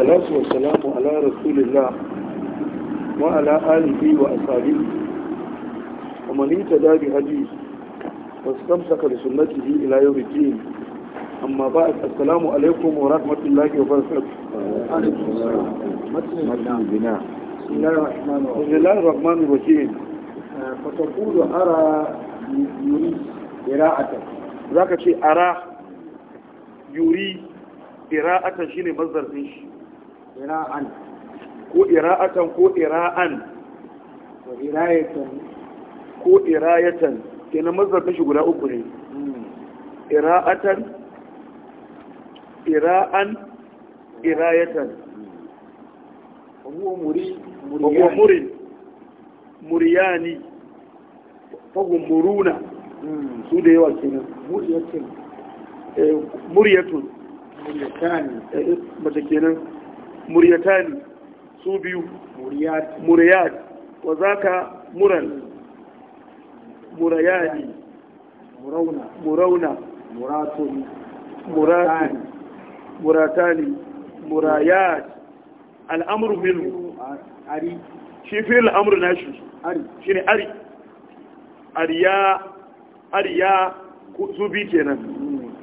salatu wa salamu ala rasulillah wa ala alihi wa ashabi wa man ittaba bi hadi wa istamsaka bi sunnatihi ila yawm al jini, amma ba ba'd salamu alaikum wa rahmatullahi wa barakatuh matan bina بسم الله الرحمن Fatakudu فتقول أرى يريد قراءة ذاك شيء أرى yuri ira'atan shine mazdar din shi ira'an ko ira'atan ko ira'an ko ira'atan ko ira'atan kenan kashi guda uku ne hmm. ira'atan ira'an ira'atan huwa muri muriyani fahim muruna hmm. su da yawa kenan eh, eh, eh, kenan muryatani su biyu muryat wa zaka muran murayani murauna muratani muratani murayat al'amuru milu ari shi fi al'amuru nashi ari shi ne ari ariya ariya zubi kenan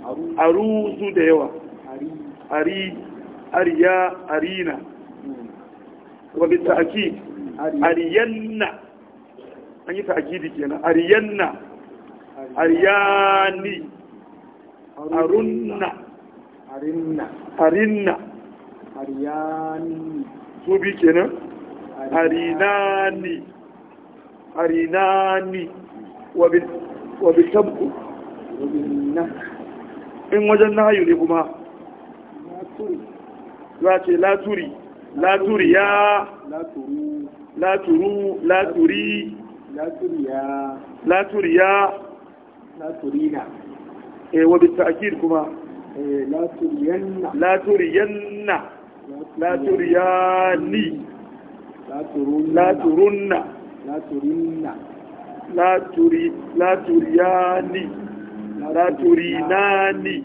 aru aruzu da yawa ari ariya arina wa bi ta'kid an yi ta'kidi kenan ariyanna ariyani arunna arinna arinna ariyani su bi kenan arinani arinani wa bi wa bi tabku in wajen nahayu ne kuma za a ce laturi laturi ya laturu laturi laturi ya laturina e wa bi ta'kid kuma laturiyanna laturiyanna laturiyani laturunna laturinna laturi laturiyani laturinani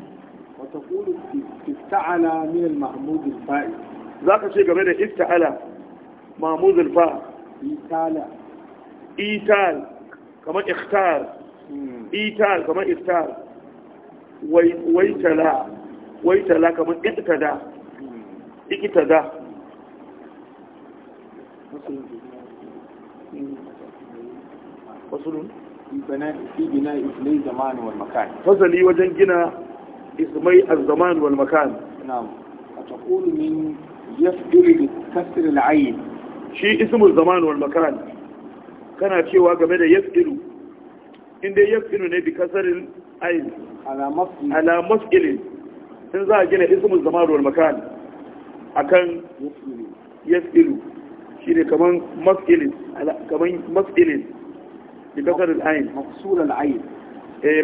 wa taqulu ista'ala min al-mahmud al-fa'i zaka ce game da ista'ala mahmud al-fa itala ital kamar ikhtar hmm. ital kamar waitala waitala kamar iktada hmm. iktada wasulun fi wal makan fasali wajen gina ismai az-zaman wal makan shi ismul zaman wal makan kana cewa game da yafdilu inda yafdilu ne bi kasr al-ayn ala maf'il in za a gina ismul zaman wal makan akan yafdilu shi ne kaman maf'ilin kaman maf'ilin bi kasr al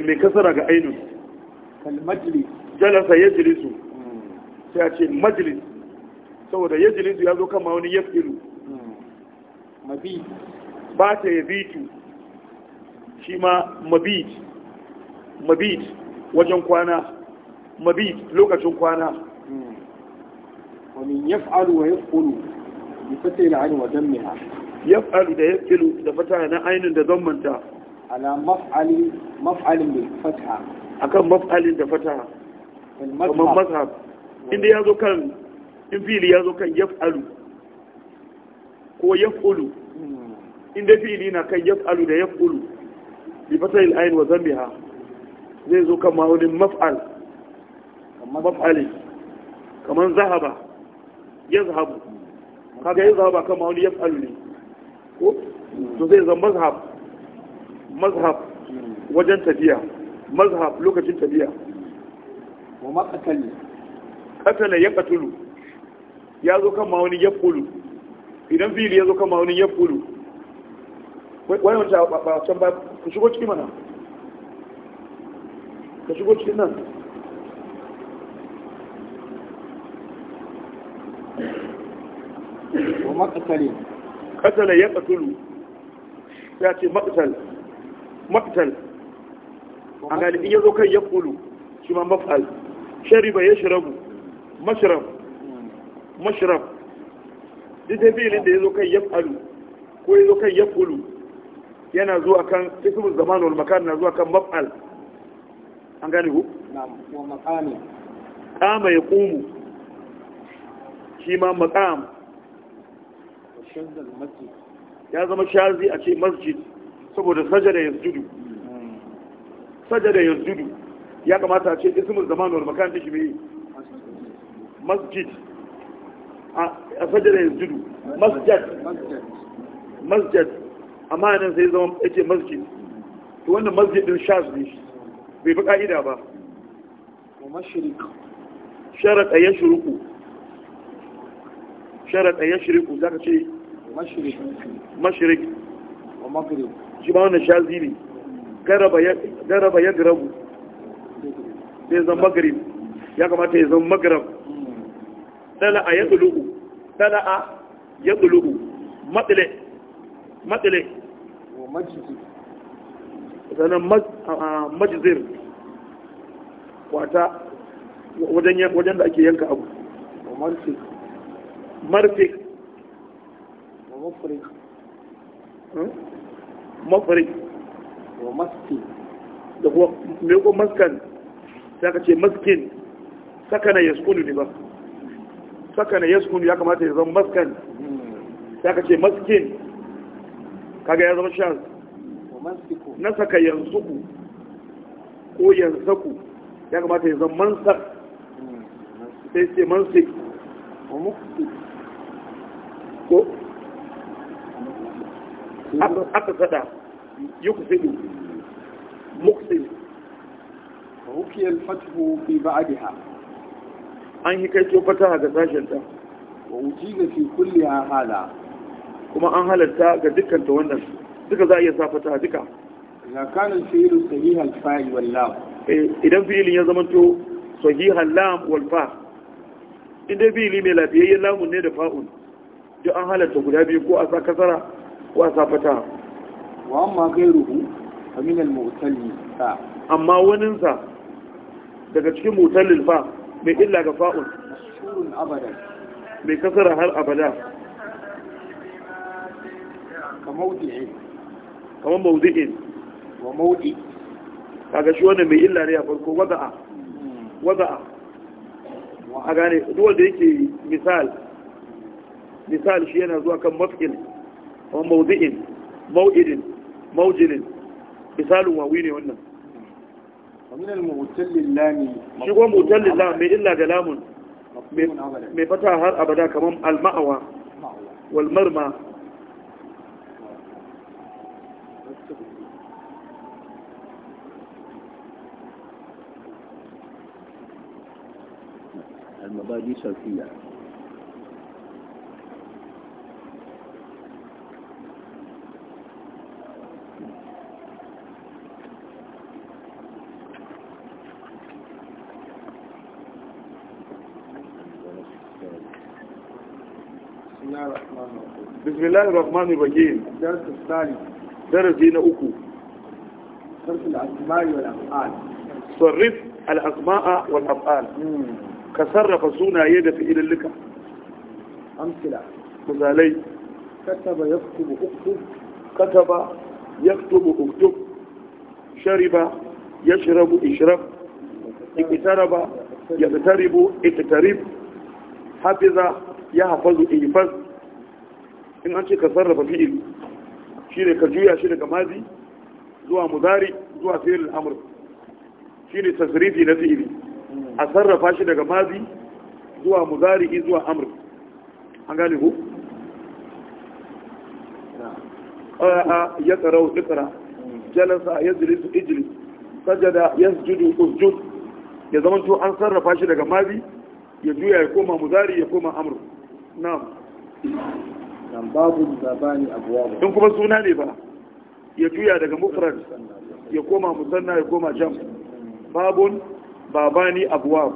mai kasara ga ainun kalmajlis jalasa yajlisu sai a ce majlis saboda yajlisu ya zo kama wani yafilu ba ta yabitu shi ma mabit mabit wajen kwana mabit lokacin kwana wani yaf'alu wa yaf'ulu bi fatil ayn wa dammiha yaf'alu da yaf'ulu da fata na ainun da zammanta ala maf'ali maf'alin bil fatha akan maf'alin da fataha kamar mazhab inda ya zo kan in fili ya zo kan yaf'alu ko yaf'ulu hmm. inda fili na kan yaf'alu da yaf'ulu bi fatahil ayin wa zambiha zai zo kan ma'aunin maf'al maf'ali kamar zahaba yazhabu hmm. kaga yazhaba kan ma'aunin yaf'alu ne ko hmm. to zai zama mazhab mazhab wajen tafiya mazhab lokacin tabiya wa ma qatala yaqtulu ya zo kan ma wani yaqulu idan fili ya zo kan ma wani wai wani ta ba san ba ku shigo cikin mana ka shigo cikin nan wa ma qatala yaqtulu ya ce maqtal maqtal a galibi ya zo kai ya kulu shi ma mafal ba ya shirabu mashrab mashrab duk da filin da ya zo kai ya falu ko ya zo kai ya kulu yana zuwa kan ismul zaman wal makan na zuwa kan mafal an gani ku kama ya qama yaqumu shi ma ya zama shazi a ce masjid saboda sajada ya sujudu sajada yanzu ya kamata ce ismul zaman wal makan da shi mai masjid a sajada yanzu masjid masjid amma nan sai zama yake masjid to wannan masjid din shaz ne bai fi ka'ida ba wa mashriq sharata yashruku sharata yashriku zaka ce mashriq mashriq wa shi ba wannan shazi ne garaba ya garabu zai zan magrib ya kamata ya zan magrab a ya tala a ya tulu'u matsile matsile sannan majizir wata wajen da ake yanka abu marfik mafarik hmm? wa maski da kuma mai ko maskan sai ka ce maskin sakana yaskunu ne ba sakana yaskunu ya kamata ya zama maskan sai ka ce maskin kaga ya zama shaz na saka yansuku ko yansaku ya kamata ya zama mansak sai ce mansik ko aka sada يفسد مقسم روكي الفتح في بعدها an yi kai فتها ga sashenta wa ujiga fi kulli hala kuma an halarta ga dukkan wannan duka za a iya sa duka la kana al-fi'lu sahih al idan fi'lin ya zama to sahih al-lam wal fa idan fi'li mai lafiyayyen lamun ne da fa'un duk an halarta guda biyu ko a kasara ko a sa wa amma gairuhu fa min al fa amma wanin sa daga cikin mu'tallil fa mai illa ga fa'ul mashhurun abada mai kasara har abada ka mawdi'in kamar mawdi'in wa mawdi kaga shi wannan mai illa ne a farko wada'a hmm. wada'a a gane duk wanda yake misal misal shi yana zuwa kan maf'il wa mawdi'in maw'idin موجل مثال wawi ne ومن المغتل اللامي شو هو مغتل اللامي إلا جلام مفتاة هر أبدا كمان المأوى والمرمى المبادئ الشرقية bismillahir rahmanir rahim darsu darasi na uku sarfin asma'i wal al asma'a wal af'al hmm. ka sarrafa sunaye da fi'ilillika amsila misalai kataba yaktubu uktub kataba yaktubu uktub shariba yashrabu ishrab iqtaraba yaqtaribu iqtarib hafiza yahfazu ihfaz in an ce ka sarrafa fi'il shi ne ka juya shi daga mazi zuwa muzari zuwa fi'il amur shi ne tasirifi na fi'ili a sarrafa shi daga mazi zuwa muzari zuwa amur an gane ku? a ya tsarau ikra jalasa ya jilisu ijilis sajada ya sujudu usjud ya zama to an sarrafa shi daga mazi ya juya ya koma muzari ya koma amur na'am babu zabani abuwa kuma suna ne ba ya juya daga mufrad ya koma musanna ya koma jam babun babani abuwa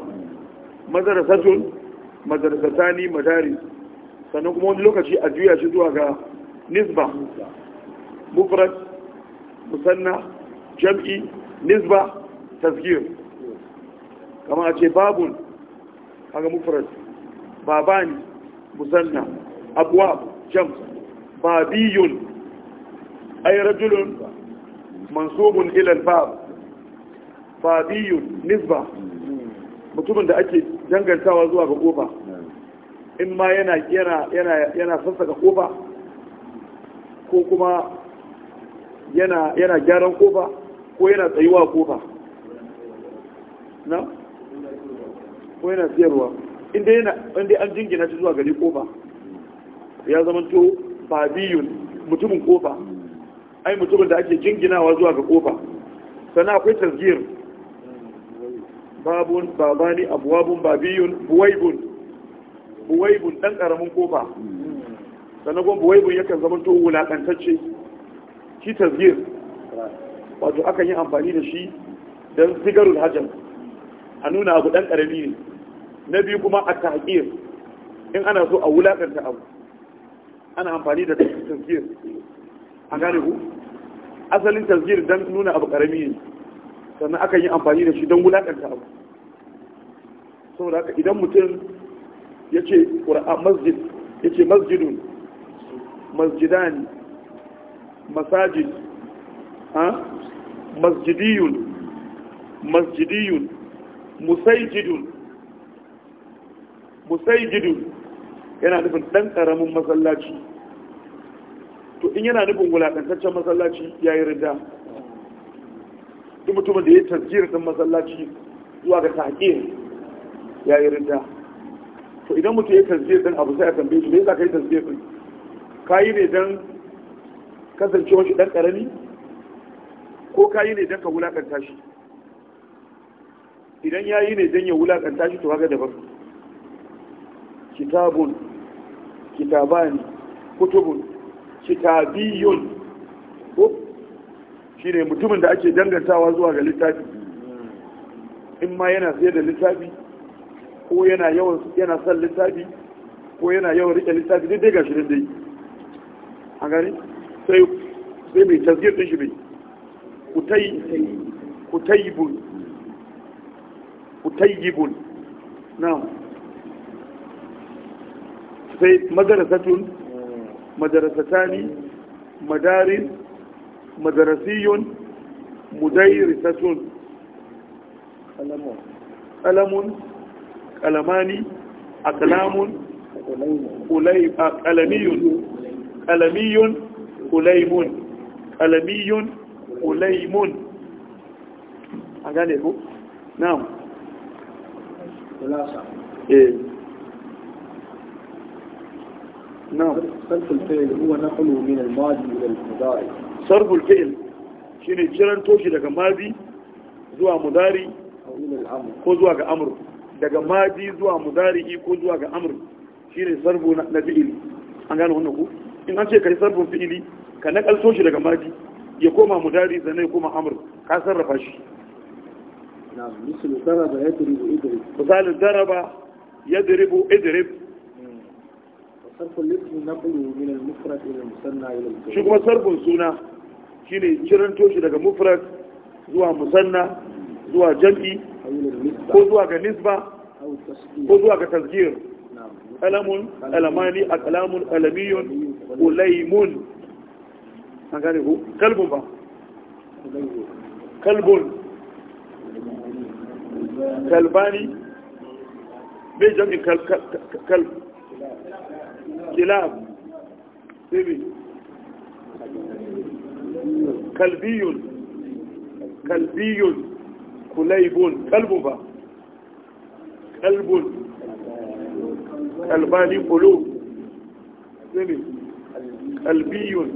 mazara satani madari sannan kuma wani lokaci a juya shi zuwa ga nisba mufrad musanna jam'i nisba tasgir kama a ce babun haga mufrad babani musanna abuwa jam بابي ay رجل منصوب ila الباب بابي نسبة nisba mutumin da ake dangantawa zuwa ga kofa in ma yana yana yana yana kofa ko kuma yana yana gyaran kofa ko yana tsayuwa kofa na ko yana siyarwa inda an jingina shi zuwa gari kofa ya zamanto babiyun mutumin kofa ai mutumin da ake jinginawa zuwa ga kofa sannan akwai tasgir babun babani abuwabun babiyun buwaibun buwaibun dan karamin kofa sannan kuma buwaibun yakan to wulakantacce shi tasgir wato akan yi amfani da shi don sigarul hajjar a nuna abu dan karami ne na biyu kuma a ta'ir in ana so a wulakanta abu ana amfani da tasgir an gane ku asalin tasgir don nuna abu karami ne sannan aka yi amfani da shi don wulakanta abu saboda haka idan mutum ya ce masjid ya ce masjidun masjidani masajid masjidiyun masjidiyun musaijidun musaijidun yana nufin ɗan ƙaramin masallaci to in yana nufin wulaƙantaccen masallaci ya yi rinda duk mutumin da ya yi tasgiyar ɗin masallaci zuwa ga taƙe ya yi rinda to idan mutum ya tasgiyar ɗin abu sai a tambaye shi me yasa ka yi tasgiyar ɗin ka yi ne don kasance wani ɗan ƙarami ko ka yi ne don ka wulaƙanta shi idan ya yi ne don ya wulaƙanta shi to haka daban kitabun kitabani kutubun kitabiyun shi ne mutumin da ake dangantawa zuwa ga littafi in ma yana sayar da littafi ko yana yawan yana son littafi ko yana yawan rike littafi dai daga shirin dai a gani sai sai mai tasgir din shi mai kutai kutaibun kutaibun na'am sai madarasatun madarasatani madarin madarasiyun mudairisatun kalamun kalamani aklamun kalamiyun kalamiyun kulaimun kalamiyun kulaimun a gane ku na'am نعم صرف الفعل هو نقله من الماضي الى المضارع صرف الفعل شنو جران توشي daga ماضي zuwa mudari ko zuwa ga amr daga madi zuwa mudari ko zuwa ga amr shine sarfu na fi'ili an gano wannan ku in an ce kai sarfin fi'ili ka nakalto toshi daga madi ya koma mudari sannan ya amr ka sarrafa shi na misalin daraba ya diribu idrib shi kuma sarfin suna shine kiranto shi daga mufrad zuwa musanna zuwa jam'i ko zuwa ga nisba ko zuwa ga tasgir alamun alamani akalamun alamiyun ulaimun an gane ku kalbun ba kalbun kalbani bai jam'in kalb kilab sibi kalbiyun kalbiyun kalbun kalbani kulu kalbiyun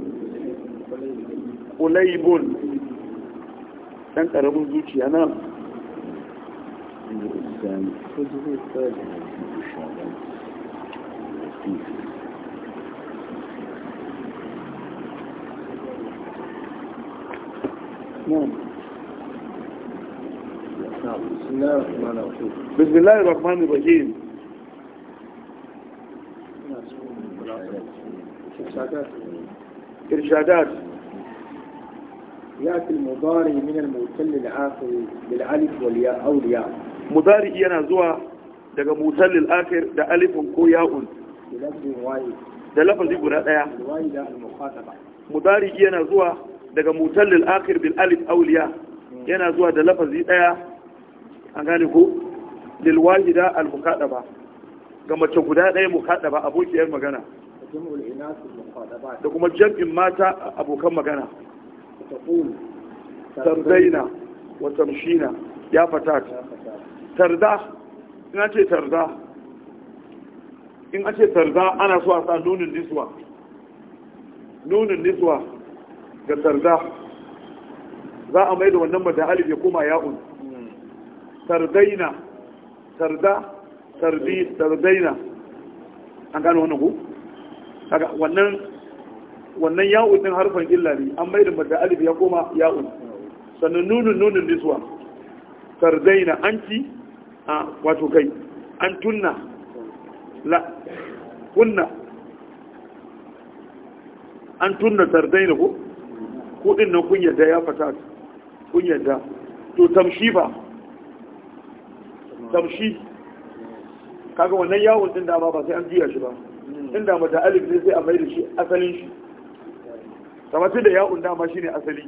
kulaibun ɗan ƙaramin zuciya na بسم الله الرحمن الرحيم إرشادات يأتي المضارع من الموتل الآخر بالألف والياء أو الياء مضارع ينزوع daga motar lil'akir da alifin ko ya'un da lafazi guda ɗaya mudari yana zuwa daga mutallil akhir bil alif awliya yana zuwa da lafazi daya an gane ko lil wahida al muqaddaba ga mace guda daya muqaddaba abokiyar magana da kuma jam'in mata abokan magana tardaina wa tamshina ya fatat tarda ina ce tarda in ce tarda ana so a sa nunin niswa nunin niswa ga sarda za a mai da wannan mata alif ya koma ya'un sardaina sarda sardi sardaina an gano wannan ku kaga wannan wannan ya'un din harfan illa ne an mai da mata alif ya koma ya'un sannan nunin nunin niswa sardaina anki a wato kai an tunna la kunna an tunna sardaina ku? kudin nan kun yarda ya fata kun yarda to tamshi ba tamshi kaga wannan yawon din dama ba sai an jiya shi ba inda mata da alif ne sai a mai da shi asalin shi tamatin da yawon dama shi ne asali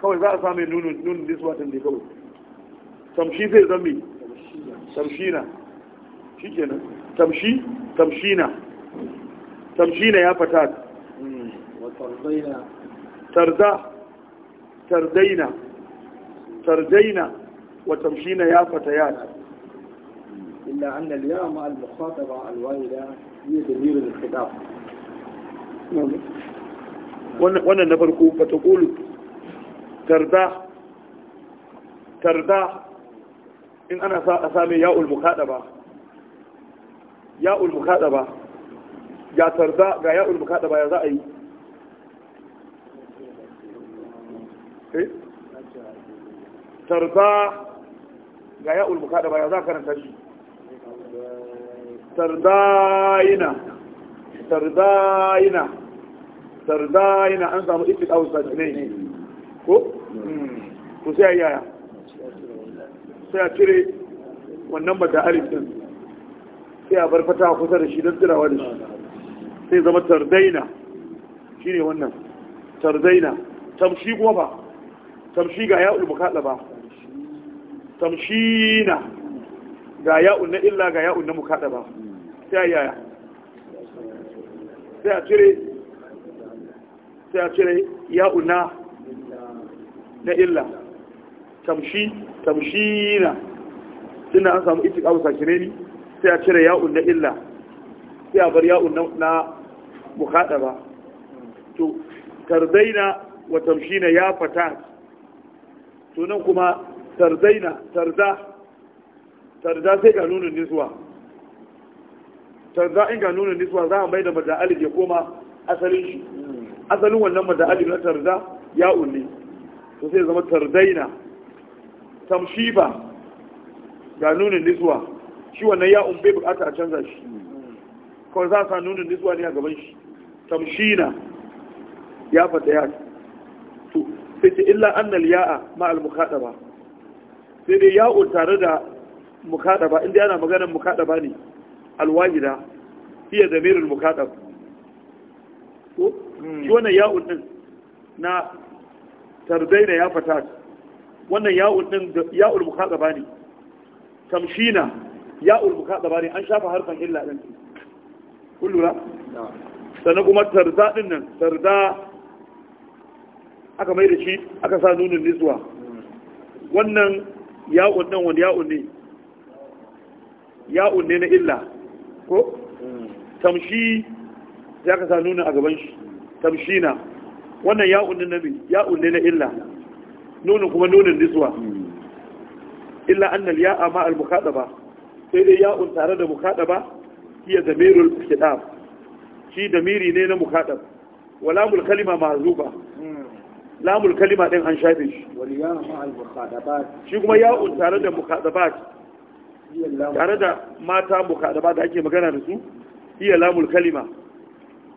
kawai za a sami nunin nunin niswatin da kawai tamshi sai zambi tamshina shi kenan tamshi tamshina tamshina ya fata hmm. tarda تردينا تردينا وتمشينا يا فتيات إلا أن اليوم المخاطبة الوالدة هي دليل الخطاب وانا نبركو فتقول ترضى ترضى إن أنا أسامي ياء المخاطبة ياء المخاطبة يا ترضى يا ياء المخاطبة يا زائي Eh? tarda ga ya ulbuka da baya za karanta shi tardayina tardayina tardayina an samu ifi ɗau ne ko? ko hmm. sai a yaya sai a cire wannan bata alifin sai a bar fata kusa da shi don tirawa da shi sai zama tardaina shi ne wannan tardaina tamshi kuma ba tamshi ga ya'ul mukaddama tamshina ga ya'ul na illa ga ya'ul na mukaddama sai yaya sai a cire sai a cire ya'ul na na illa tamshi na. tunda an samu iti itiqabu sakireni sai a cire ya'ul na illa sai a bar ya'ul na mukaddama to tardaina wa tamshi na ya fata. Tunan kuma tarzaina tarza tarza sai ga nunin niswa tarza in ga nunin niswa za a maida da mada alif ya koma asalin shi asalin wannan mada alif na tarza ya unni to sai zama tarzaina tamshiba ga nunin niswa shi wannan ya umbe bukata a canza shi kawai za a sa nunin niswa ne a gaban shi tamshina ya fata ya sai ce illa annal ya'a ma al sai dai ya'u tare da mukhadaba inda yana maganar mukhadaba ne al wahida hiya damir al mukhadab ko shi wannan ya'u ɗin na tardaina ya fata wannan ya'u ɗin ya'ul mukhadaba ne tamshina ya'ul mukhadaba ne an shafa harfan illa din kun lura sannan kuma tarza din nan Tarda. aka mai da shi aka sa nunin nisuwa. wannan ya'un nan wani ya'un ne ya'un ne na illa ko tamshi sai aka sa nunin a gaban shi tamshi na wannan ya'un ne na bi ya'un ne na illa nunin kuma nunin nisuwa. illa annal ya'a ma al-mukhataba sai dai ya'un tare da mukhataba hiya damirul khidab shi damiri ne na mukhatab wala mul kalima mahzuba lamul kalima din an shafe shi shi kuma ya'un tare da mukadabat tare da mata mukadabat da ake magana da su iya lamul kalima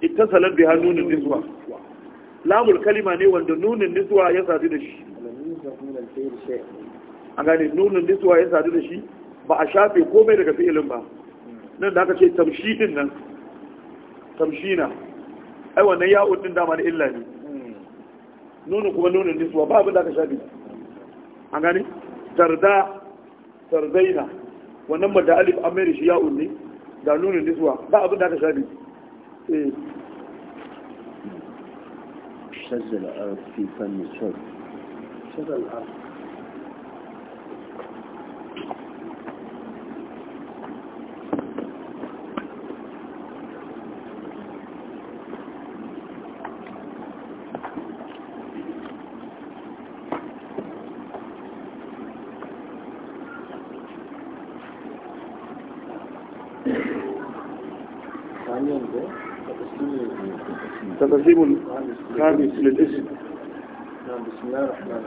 ita salar biya nunin niswa lamul kalima ne wanda nunin niswa ya sadu da shi a gane nunin niswa ya sadu da shi ba a shafe komai daga fi'ilin ba nan da aka ce tamshi din nan na ai wannan ya'un din dama na illa ne nuna kuma nuna nisuwa ba abin da aka shafi an gani tarda tardaina wannan mada alif an shi ya'un ne da nuna nisuwa ba abin da aka shafi eh shazzal arfi kan nisar shazzal arfi الترتيب الخامس للاسم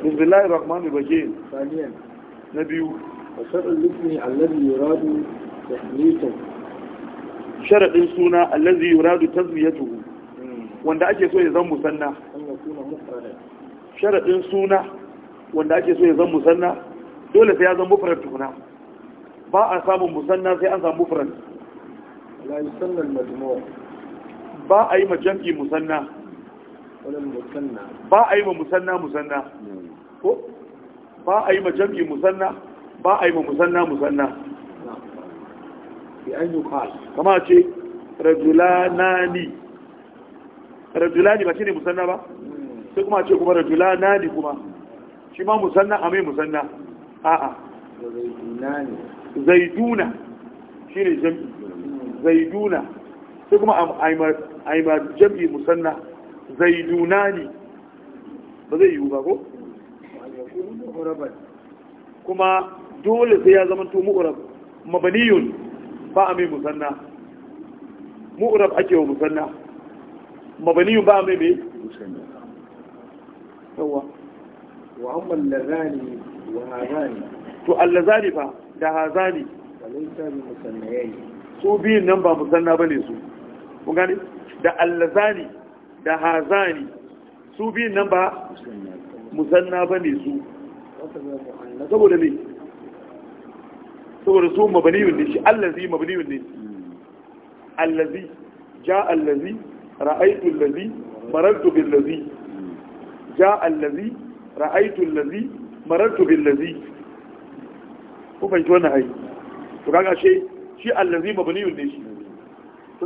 بسم الله الرحمن الرحيم ثانيا نبي وشرع الاسم الذي يراد تسميته شرع السنة الذي يراد تسميته wanda ake so ya zan musanna sharaɗin suna wanda ake so ya zan musanna dole sai ya zan mufarar tukuna ba a samun musanna sai an samu mufarar la yusanna ba a yi ma jam'i musanna ba a yi ma musanna musanna ko ba a yi ma jam'i musanna ba a yi ma musanna musanna kama ce rajulanani rajulani ba shi ne musanna ba sai kuma ce kuma rajulanani kuma shi ma musanna a mai musanna a'a zaiduna shi ne jam'i zaiduna sai kuma a yi ma jam'i musanna Zai duna ne ba zai yiwu ba ko? kuma dole sai ya zama to mu'urab mabaniyun ba a mai musanna mu'urab ake wa musanna mabaniyun ba a mai mai musanna wa amma lazani wa hazani to allazani fa da hazani su biyun nan ba musanna ba ne su kun gane da allazani da hazani su bi nan ba musanna ba ne su saboda ne saboda su mabaniyun ne shi allazi mabaniyun ne allazi ja allazi ra'aitu allazi marartu billazi ja allazi ra'aitu allazi bin lazi. ku fahimci wannan hai to kaga shi shi allazi mabaniyun ne shi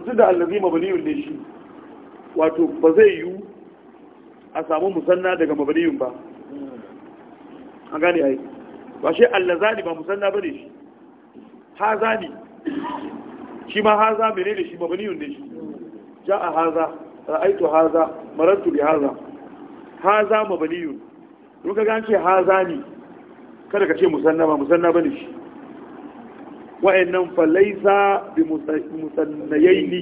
tun da allazi mabaniyun ne shi wato ba zai yiwu a samu musanna daga mabaniyun ba an gane yi ba shi allazani ba musanna ba ne shi ne shi ma haza ne shi mabaniyun ne shi a haza ra'aitu haza marantu bi haza haza mabaniyun don ka gance haza ne kada ka ce musanna ba musanna ba ne shi wa'annan falaisa bi musannayaini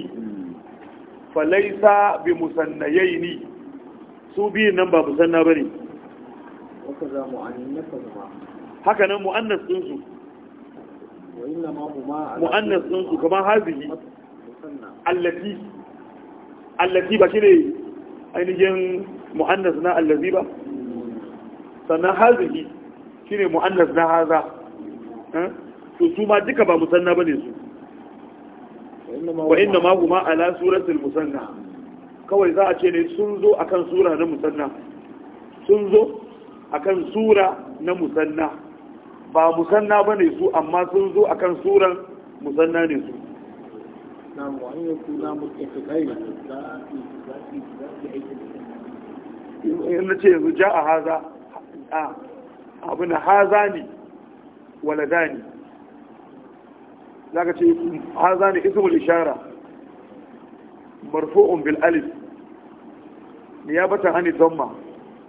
falaisa bi musannayaini su biyun nan ba musanna bane haka nan mu'annas din su mu'annas din su kamar hazihi allati allati ba shine ainihin mu'annas na allazi ba sannan hazihi shine mu'annas na haza eh? to su ma duka ba musanna ba ne su wa inna ma huma ala suratul musanna kawai za a ce ne sun zo akan sura na musanna sun zo akan sura na musanna ba musanna ba ne su amma sun zo akan suran musanna ne su نعم وأن ce yanzu ja a haza abin haza ne waladani za ka ce har za ne ismul ishara marfu'un bil alif niyabatan ani dhamma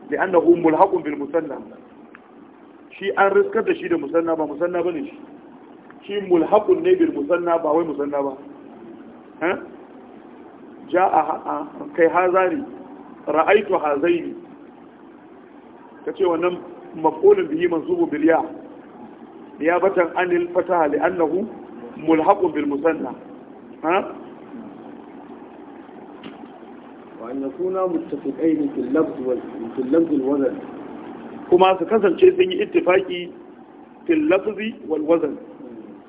li'annahu mulhaqun bil musanna shi an riskar da shi da musanna ba musanna bane shi shi mulhaqun ne bil musanna ba wai musanna ba ha ja'a kai hazari ra'aitu hazaini kace wannan maf'ulun bihi mansubun bil ya niyabatan anil fataha li'annahu mulhaqun bil musanna ha wa an yakuna muttafiqain fil lafz wal fil lafz wal kuma su kasance sun yi ittifaki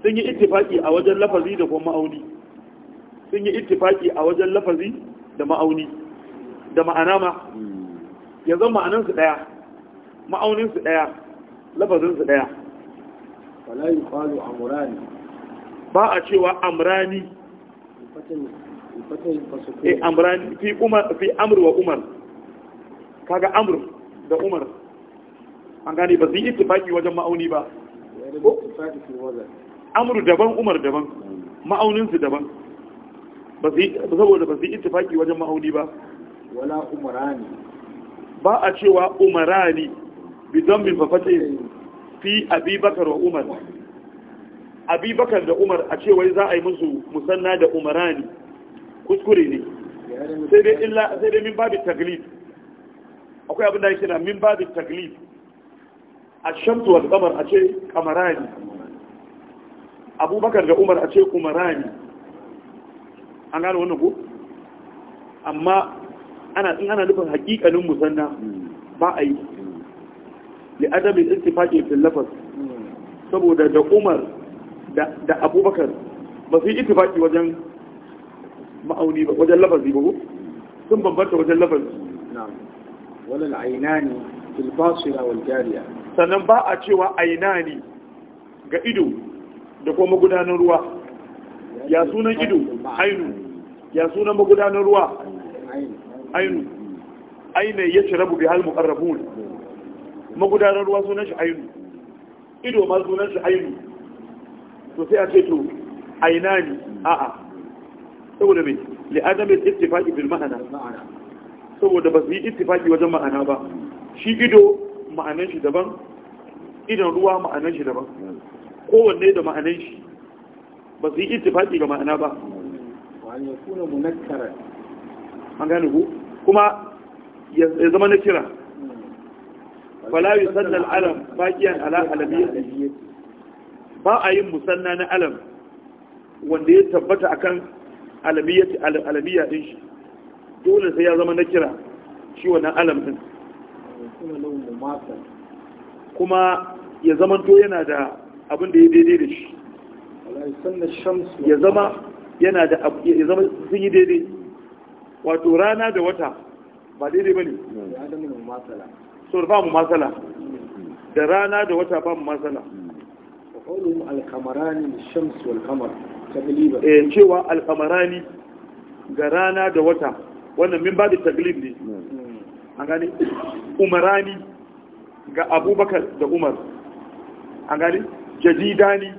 sun yi ittifaki a wajen lafazi da kuma ma'auni sun yi ittifaki a wajen lafazi da ma'auni da ma'ana ma hmm. yanzu ma'anan su daya ma'aunin su daya lafazin su daya wala a amrani ba a cewa amrani eh, amrani fi umar fi wa umar kaga Amru da umar an gane ba zai ita baki wajen ma'auni ba amru daban umar daban ma'auninsu daban saboda ba zai ita baki wajen ma'auni ba wala umarani ba a cewa umarani bi min fafate fi abubakar wa umar abubakar da umar a ce wai za a yi musu musanna da umarani kuskure ne sai dai illa sai dai min babu taglif akwai abin da yake na min babu taglif a shamsu wal qamar a ce qamarani abubakar da umar a ce umarani an gano wannan ko amma ana in ana nufin haƙiƙanin musanna ba a yi li adabi ittifaqi fil lafaz saboda da umar da abubakar ba su yi itifaki wajen ma'auni ba wajen lafazi ba sun bambanta wajen lafazi wani ainani filbasira wal jariya sannan ba a cewa ne ga ido da kuma magudanar ruwa ya sunan ido ainu ya sunan magudanar ruwa ainu aina ya ci rabu bi hal magudanar ruwa sunan shi ainu ido ma sunan shi ainu to sai a ce to aina ni a'a saboda mai li'adamin istifaki bil ma'ana saboda ba su yi istifaki wajen ma'ana ba shi ido ma'anan shi daban idan ruwa ma'anan shi daban kowanne da ma'anan shi ba su yi istifaki ga ma'ana ba an gane ku kuma ya zama na kira fala yi sannan alam bakiyan ala alamiyyar ba a yin musanna na alam wanda ya tabbata akan alamiya din shi dole sai ya zama na kira shi wannan alam din kuma ya zama to yana da abin da ya daidai da shi ya zama yana da ya zama sun yi daidai wato rana da wata ba daidai ba ne so ba mu matsala da rana da wata ba mu matsala qawluhum al-qamarani shams wal qamar tagliba eh cewa al-qamarani ga rana da wata wannan min babu taglib ne A gani umarani ga abubakar da umar A gani jadidani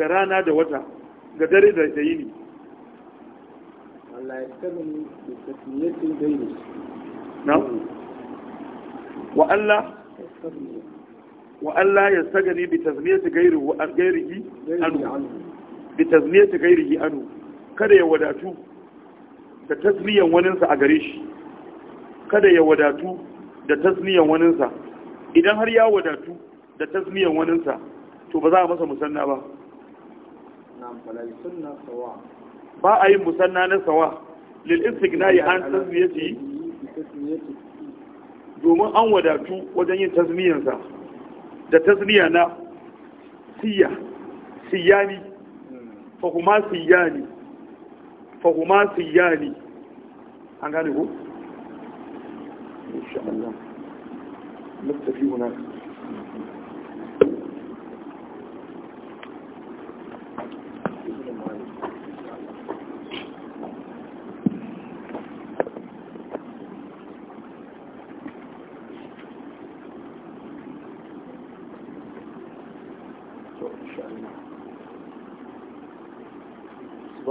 ga rana da wata ga dare da yini yi ya na wa Allah wa Allah ya sagani bi tasmiyati gairihi an gairihi anu bi tasmiyati gairihi anu kada ya wadatu da tasmiyan waninsa a gare shi kada ya wadatu da tasmiyan waninsa idan har ya wadatu da tasmiyan waninsa to ba za a masa musanna ba ba a yi musanna na sawa lil istighna'i an tasmiyati domin an wadatu wajen yin tasmiyansa da tasniya na siya siyani fahuma siyani fahuma siyani an gane ko? insha Allah mutafi hunaka